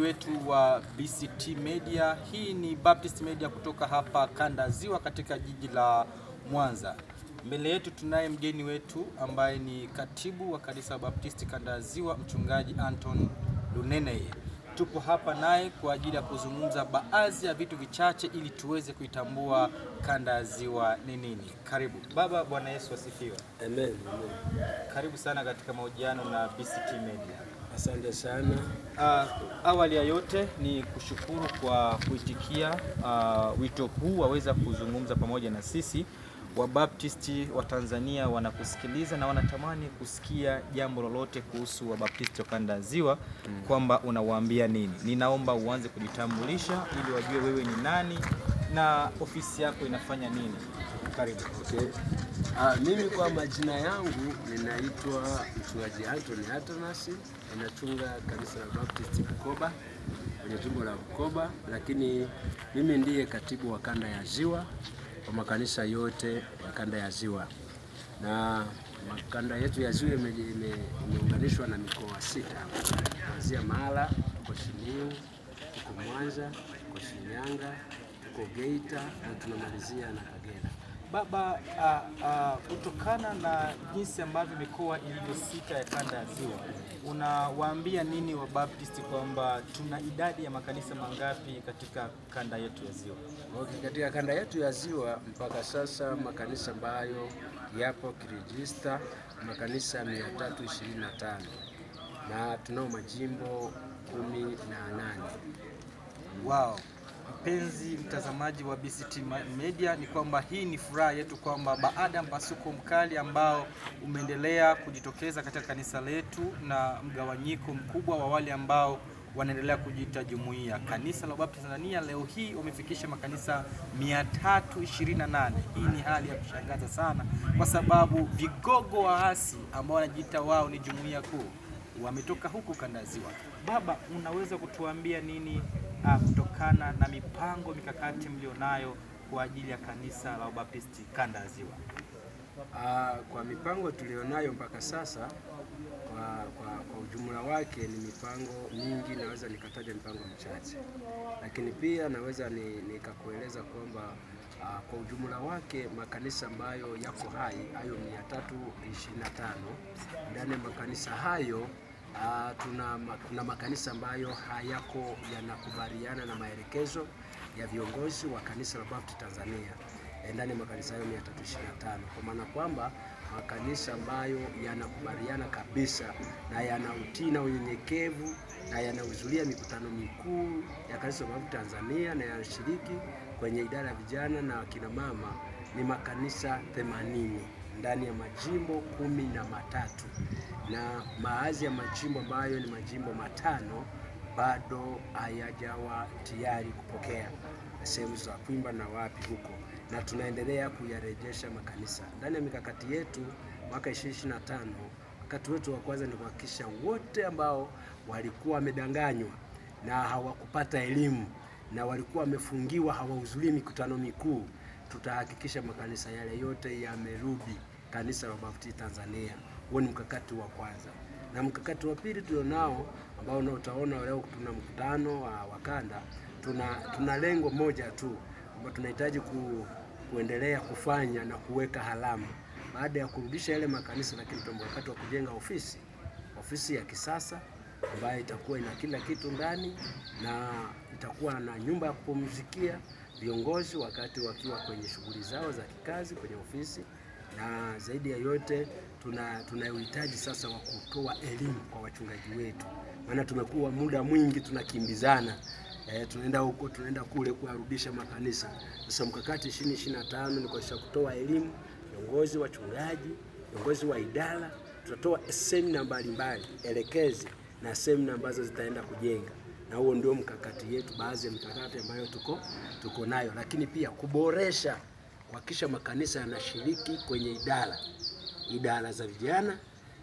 watazamaji wetu wa BCT Media. Hii ni Baptist Media kutoka hapa Kanda Ziwa katika jiji la Mwanza. Mbele yetu tunaye mgeni wetu ambaye ni katibu wa kanisa wa Baptisti Kanda Ziwa, mchungaji Anton Lunene. Tupo hapa naye kwa ajili ya kuzungumza baadhi ya vitu vichache ili tuweze kuitambua Kanda Ziwa ni nini. Karibu baba. Bwana Yesu asifiwe. Amen, amen. Karibu sana katika mahojiano na BCT Media. Asante sana. Uh, awali ya yote ni kushukuru kwa kuitikia uh, wito huu waweza kuzungumza pamoja na sisi. Wabaptisti wa Tanzania wanakusikiliza na wanatamani kusikia jambo lolote kuhusu Wabaptisti wa kanda ya Ziwa mm, kwamba unawaambia nini. Ninaomba uanze kujitambulisha ili wajue wewe ni nani na ofisi yako inafanya nini karibu. Okay. Uh, mimi kwa majina yangu ninaitwa mchungaji Anthony Atanasi, ninachunga kanisa la Baptist Bukoba kwenye jimbo la Bukoba, lakini mimi ndiye katibu wa kanda ya Ziwa kwa makanisa yote ya kanda ya Ziwa, na makanda yetu ya Ziwa imeunganishwa na mikoa sita kuanzia Mara, tuko Simiyu, tuko Mwanza, tuko Shinyanga, tuko Geita na tunamalizia na Kagera. Baba, kutokana uh, uh, na jinsi ambavyo mikoa ilivyo sita ya kanda ya Ziwa, unawaambia nini Wabaptisti kwamba tuna idadi ya makanisa mangapi katika kanda yetu ya Ziwa? Okay, katika kanda yetu ya Ziwa mpaka sasa makanisa ambayo yapo kirejista makanisa 325 na tunao majimbo kumi na nane. Wow mpenzi mtazamaji wa BCT Media, ni kwamba hii ni furaha yetu kwamba baada ya mpasuko mkali ambao umeendelea kujitokeza katika kanisa letu na mgawanyiko mkubwa wa wale ambao wanaendelea kujiita jumuiya, kanisa la Baptist Tanzania leo hii wamefikisha makanisa 328. Hii ni hali ya kushangaza sana, kwa sababu vigogo waasi ambao wanajiita wao ni jumuiya kuu wametoka huku kanda Ziwa. Baba, unaweza kutuambia nini Ah, kutokana na mipango mikakati mlionayo kwa ajili ya kanisa la Ubaptisti kanda ya Ziwa? Uh, kwa mipango tulionayo mpaka sasa kwa, kwa, kwa ujumla wake ni mipango mingi, naweza nikataja mipango michache, lakini pia naweza nikakueleza ni kwamba uh, kwa ujumla wake makanisa ambayo yako hai hayo 325 ndani ya makanisa hayo Uh, tuna, tuna makanisa ambayo hayako yanakubaliana na maelekezo ya viongozi wa kanisa la Baptist Tanzania eh, ndani ya makanisa hayo 325 kwa maana kwamba makanisa ambayo yanakubaliana kabisa na yana utii na unyenyekevu na yanahudhuria mikutano mikuu ya kanisa la Baptist Tanzania na yanashiriki kwenye idara ya vijana na kina mama ni makanisa 80 ndani ya majimbo kumi na matatu na baadhi ya majimbo ambayo ni majimbo matano bado hayajawa tayari kupokea sehemu za kuimba na wapi huko, na tunaendelea kuyarejesha makanisa ndani ya mikakati yetu mwaka 2025. Wakati wetu wa kwanza ni kuhakikisha wote ambao walikuwa wamedanganywa na hawakupata elimu na walikuwa wamefungiwa hawahudhurii mikutano mikuu tutahakikisha makanisa yale yote yamerudi kanisa la Baptisti Tanzania. Huo ni mkakati wa kwanza, na mkakati wa pili tulionao ambao utaona leo tuna mkutano wa wakanda, tuna, tuna lengo moja tu ambao tunahitaji ku, kuendelea kufanya na kuweka alama baada ya kurudisha yale makanisa, lakini tuna mkakati wa kujenga ofisi ofisi ya kisasa ambayo itakuwa ina kila kitu ndani na itakuwa na nyumba ya kupumzikia viongozi wakati wakiwa kwenye shughuli zao za kikazi kwenye ofisi, na zaidi ya yote tuna, tunayohitaji uhitaji sasa wa kutoa elimu kwa wachungaji wetu, maana tumekuwa muda mwingi tunakimbizana eh, tunaenda huko tunaenda kule kuarudisha makanisa. Sasa mkakati 2025 ni kuhakikisha kutoa elimu viongozi, wachungaji, viongozi wa idara. Tutatoa semina mbalimbali elekezi na semina ambazo zitaenda kujenga na huo ndio mkakati yetu, baadhi ya mikakati ambayo tuko, tuko nayo, lakini pia kuboresha kuhakikisha makanisa yanashiriki kwenye idara idara za vijana,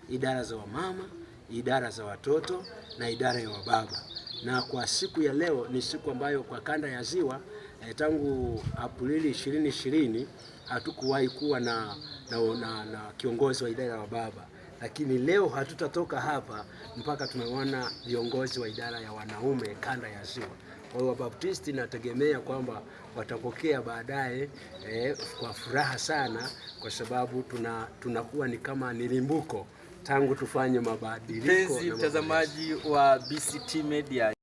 idara za wamama, idara za watoto na idara ya wababa. Na kwa siku ya leo ni siku ambayo kwa kanda ya Ziwa eh, tangu Aprili 2020 hatukuwahi kuwa na, na, na, na kiongozi wa idara ya wababa lakini leo hatutatoka hapa mpaka tumeona viongozi wa idara ya wanaume kanda ya Ziwa. Kwa hiyo Wabaptisti nategemea kwamba watapokea baadaye eh, kwa furaha sana, kwa sababu tuna tunakuwa ni kama ni limbuko tangu tufanye mabadiliko. Mtazamaji wa BCT Media.